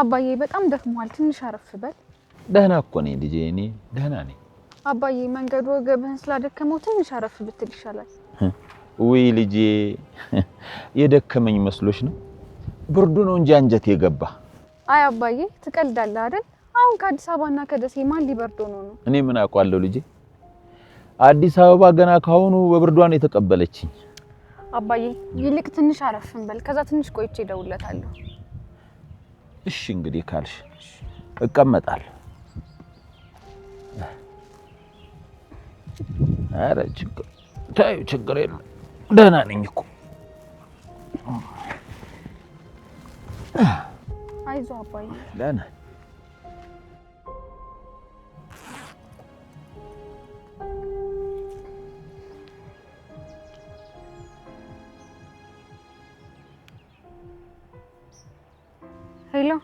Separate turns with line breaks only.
አባዬ በጣም ደክሟል። ትንሽ አረፍ በል።
ደህና እኮ ነኝ ልጄ፣ እኔ ደህና ነኝ።
አባዬ መንገዱ ወገብህን ስላደከመው ትንሽ አረፍ ብትል ይሻላል።
ውይ ልጄ፣ የደከመኝ መስሎሽ ነው? ብርዱ ነው እንጂ አንጀት የገባ።
አይ አባዬ ትቀልዳለህ አይደል? አሁን ከአዲስ አበባና ከደሴ ማን ሊበርዶ ነው ነው?
እኔ ምን አውቃለሁ ልጄ። አዲስ አበባ ገና ካሁኑ በብርዷን የተቀበለችኝ።
አባዬ ይልቅ ትንሽ አረፍን በል፣ ከዛ ትንሽ ቆይቼ እደውልለታለሁ።
እሺ እንግዲህ ካልሽ እቀመጣል። አረ ችግር ታዩ ችግር የለም ደህና ነኝ እኮ አይዞህ አባዬ ደህና P low